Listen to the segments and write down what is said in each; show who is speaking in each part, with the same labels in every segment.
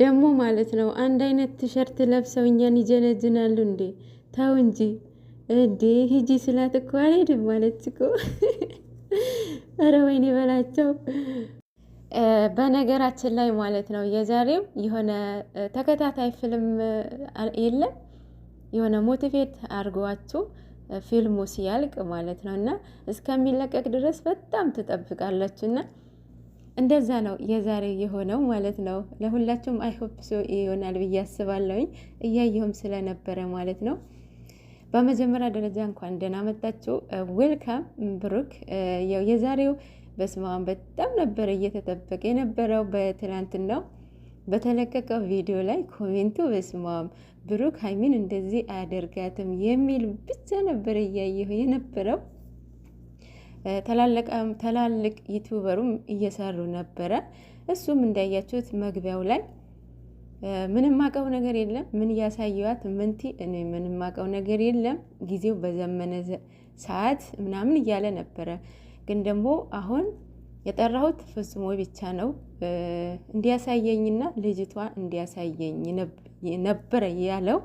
Speaker 1: ደግሞ ማለት ነው አንድ አይነት ቲሸርት ለብሰው እኛን ይጀነጅናሉ እንዴ! ተው እንጂ እንዴ! ሂጂ ስላት እኮ አልሄድም ማለት እኮ ኧረ ወይኔ በላቸው። በነገራችን ላይ ማለት ነው የዛሬው የሆነ ተከታታይ ፊልም የለም የሆነ ሞቲቬት አድርገዋችሁ ፊልሙ ሲያልቅ ማለት ነው እና እስከሚለቀቅ ድረስ በጣም ትጠብቃላችሁ እና እንደዛ ነው የዛሬ የሆነው ማለት ነው። ለሁላችሁም አይሆፕ ሶ ይሆናል ብዬ አስባለሁኝ እያየሁም ስለነበረ ማለት ነው። በመጀመሪያ ደረጃ እንኳን ደህና መጣችሁ፣ ዌልካም ብሩክ። የዛሬው በስማን በጣም ነበረ እየተጠበቀ የነበረው በትናንትናው በተለቀቀው ቪዲዮ ላይ ኮሜንቱ በስማም ብሩክ ሀይሚን እንደዚህ አያደርጋትም የሚል ብቻ ነበረ እያየሁ የነበረው። ትላልቅ ዩቱበሩም እየሰሩ ነበረ። እሱም እንዳያችሁት መግቢያው ላይ ምንም ማቀው ነገር የለም። ምን እያሳየዋት ምንቲ እኔ ምንም ማቀው ነገር የለም ጊዜው በዘመነ ሰዓት ምናምን እያለ ነበረ። ግን ደግሞ አሁን የጠራሁት ወይ ብቻ ነው እንዲያሳየኝና ልጅቷ እንዲያሳየኝ ነበረ ያለው።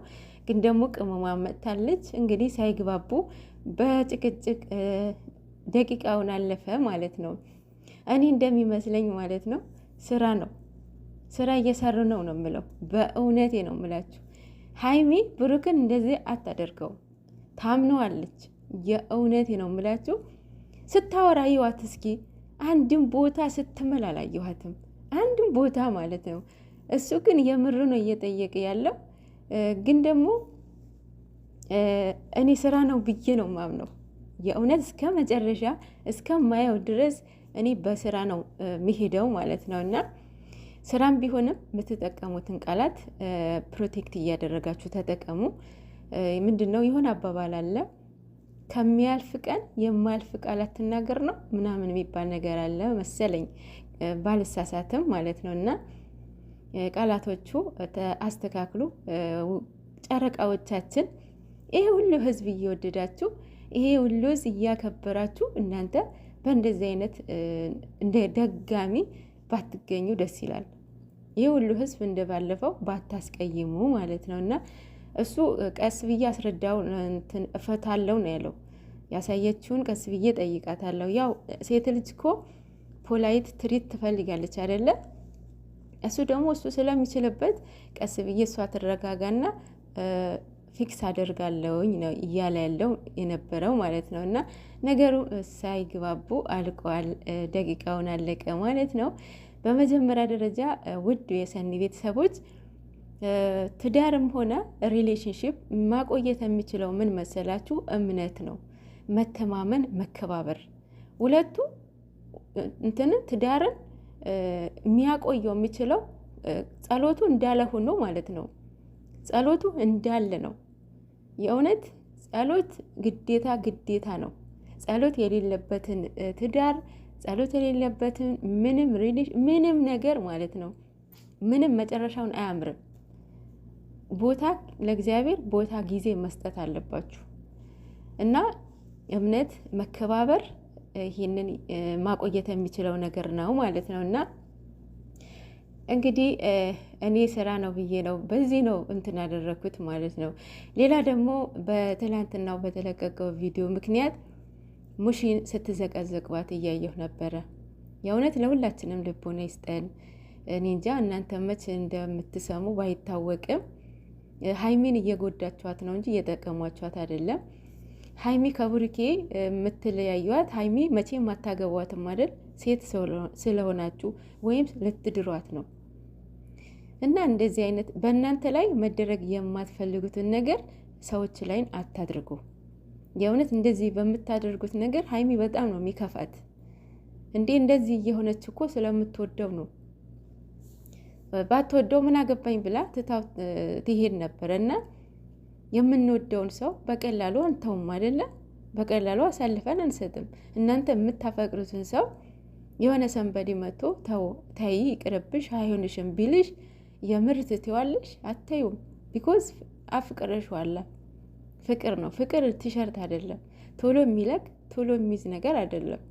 Speaker 1: ግን ደግሞ ቅመሟ መጥታለች። እንግዲህ ሳይግባቡ በጭቅጭቅ ደቂቃውን አለፈ ማለት ነው። እኔ እንደሚመስለኝ ማለት ነው ስራ ነው ስራ እየሰሩ ነው ነው የምለው በእውነቴ ነው የምላችሁ። ሀይሚ ብሩክን እንደዚህ አታደርገው ታምነዋለች። የእውነቴ ነው የምላችሁ። ስታወራ ይዋት እስኪ አንድም ቦታ ስትምል አላየኋትም፣ አንድም ቦታ ማለት ነው። እሱ ግን የምር ነው እየጠየቀ ያለው ግን ደግሞ እኔ ስራ ነው ብዬ ነው ማምነው የእውነት እስከ መጨረሻ እስከማየው ድረስ እኔ በስራ ነው የሚሄደው ማለት ነው እና ስራም ቢሆንም የምትጠቀሙትን ቃላት ፕሮቴክት እያደረጋችሁ ተጠቀሙ። ምንድን ነው የሆነ አባባል አለ ከሚያልፍ ቀን የማልፍ ቃላት ትናገር ነው ምናምን የሚባል ነገር አለ መሰለኝ፣ ባልሳሳትም ማለት ነው እና ቃላቶቹ አስተካክሉ ጨረቃዎቻችን። ይሄ ሁሉ ህዝብ እየወደዳችሁ ይሄ ሁሉ እያከበራችሁ እናንተ በእንደዚህ አይነት እንደ ደጋሚ ባትገኙ ደስ ይላል። ይህ ሁሉ ህዝብ እንደ ባለፈው ባታስቀይሙ ማለት ነው። እና እሱ ቀስ ብዬ አስረዳው እፈታለው ነው ያለው። ያሳየችውን ቀስ ብዬ ጠይቃታለሁ። ያው ሴት ልጅ እኮ ፖላይት ትሪት ትፈልጋለች አይደለ? እሱ ደግሞ እሱ ስለሚችልበት ቀስ ብዬ እሷ ትረጋጋና ፊክስ አደርጋለውኝ ነው እያለ ያለው የነበረው ማለት ነው። እና ነገሩ ሳይግባቡ አልቋል፣ ደቂቃውን አለቀ ማለት ነው። በመጀመሪያ ደረጃ ውድ የሰኒ ቤተሰቦች ትዳርም ሆነ ሪሌሽንሽፕ ማቆየት የሚችለው ምን መሰላችሁ? እምነት ነው፣ መተማመን፣ መከባበር። ሁለቱ እንትንን ትዳርን የሚያቆየው የሚችለው ጸሎቱ እንዳለ ሆኖ ማለት ነው። ጸሎቱ እንዳለ ነው። የእውነት ጸሎት ግዴታ ግዴታ ነው። ጸሎት የሌለበትን ትዳር፣ ጸሎት የሌለበትን ምንም ሪሊሽ ምንም ነገር ማለት ነው ምንም መጨረሻውን አያምርም። ቦታ ለእግዚአብሔር ቦታ ጊዜ መስጠት አለባችሁ እና እምነት መከባበር ይህንን ማቆየት የሚችለው ነገር ነው ማለት ነው እና እንግዲህ እኔ ስራ ነው ብዬ ነው በዚህ ነው እንትን ያደረግኩት ማለት ነው። ሌላ ደግሞ በትላንትናው በተለቀቀው ቪዲዮ ምክንያት ሙሽን ስትዘቀዘቅባት እያየሁ ነበረ። የእውነት ለሁላችንም ልቦና ይስጠን። እኔ እንጃ እናንተ መች እንደምትሰሙ ባይታወቅም ሀይሚን እየጎዳችኋት ነው እንጂ እየጠቀሟችኋት አይደለም። ሀይሚ ከቡርኬ የምትለያዩት ሀይሚ መቼም አታገቧትም አይደል? ሴት ስለሆናችሁ ወይም ልትድሯት ነው። እና እንደዚህ አይነት በእናንተ ላይ መደረግ የማትፈልጉትን ነገር ሰዎች ላይን አታድርጉ። የእውነት እንደዚህ በምታደርጉት ነገር ሀይሚ በጣም ነው የሚከፋት። እንዴ እንደዚህ እየሆነች እኮ ስለምትወደው ነው። ባትወደው ምን አገባኝ ብላ ትታው ትሄድ ነበረ። እና የምንወደውን ሰው በቀላሉ አንተውም አይደለም? በቀላሉ አሳልፈን አንሰጥም። እናንተ የምታፈቅሩትን ሰው የሆነ ሰንበዴ መጥቶ ተይ ይቅርብሽ አይሆንሽም ቢልሽ የምር ትትዋለሽ አታዩም። ቢኮዝ ዋለ ፍቅር ነው ፍቅር፣ ቲሸርት አይደለም። ቶሎ የሚለቅ ቶሎ የሚይዝ ነገር አይደለም።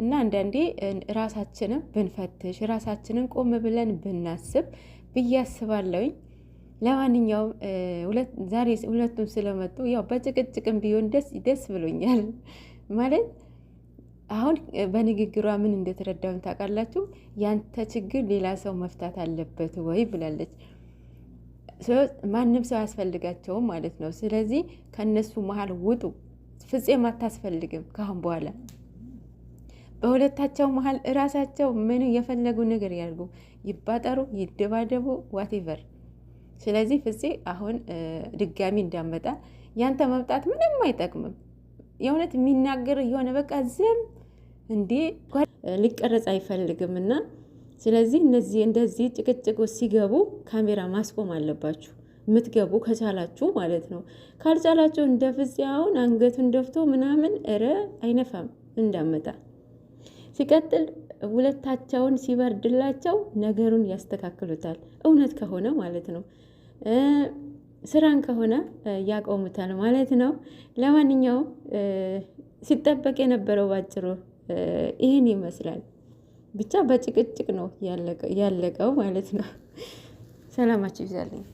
Speaker 1: እና አንዳንዴ ራሳችንን ብንፈትሽ ራሳችንን ቆም ብለን ብናስብ ብዬ አስባለሁኝ። ለማንኛውም ዛሬ ሁለቱም ስለመጡ ያው በጭቅጭቅም ቢሆን ደስ ደስ ብሎኛል ማለት አሁን በንግግሯ ምን እንደተረዳሁኝ ታውቃላችሁ? ያንተ ችግር ሌላ ሰው መፍታት አለበት ወይ ብላለች። ማንም ሰው አያስፈልጋቸውም ማለት ነው። ስለዚህ ከእነሱ መሀል ውጡ። ፍፄም አታስፈልግም ካሁን በኋላ። በሁለታቸው መሀል እራሳቸው ምን የፈለጉ ነገር ያድርጉ፣ ይባጠሩ፣ ይደባደቡ፣ ዋቴቨር። ስለዚህ ፍፄ አሁን ድጋሚ እንዳመጣ ያንተ መምጣት ምንም አይጠቅምም። የእውነት የሚናገር የሆነ በቃ ዝም እንዴ ሊቀረጽ አይፈልግም። እና ስለዚህ እነዚህ እንደዚህ ጭቅጭቆች ሲገቡ ካሜራ ማስቆም አለባችሁ የምትገቡ ከቻላችሁ ማለት ነው። ካልቻላችሁ እንደ ፍፄ አሁን አንገቱን ደፍቶ ምናምን እረ አይነፋም እንዳመጣ ሲቀጥል ሁለታቸውን ሲበርድላቸው ነገሩን ያስተካክሉታል። እውነት ከሆነ ማለት ነው፣ ስራን ከሆነ ያቆሙታል ማለት ነው። ለማንኛውም ሲጠበቅ የነበረው ባጭሩ ይህን ይመስላል። ብቻ በጭቅጭቅ ነው ያለቀው ማለት ነው። ሰላማችሁ ይብዛልኝ።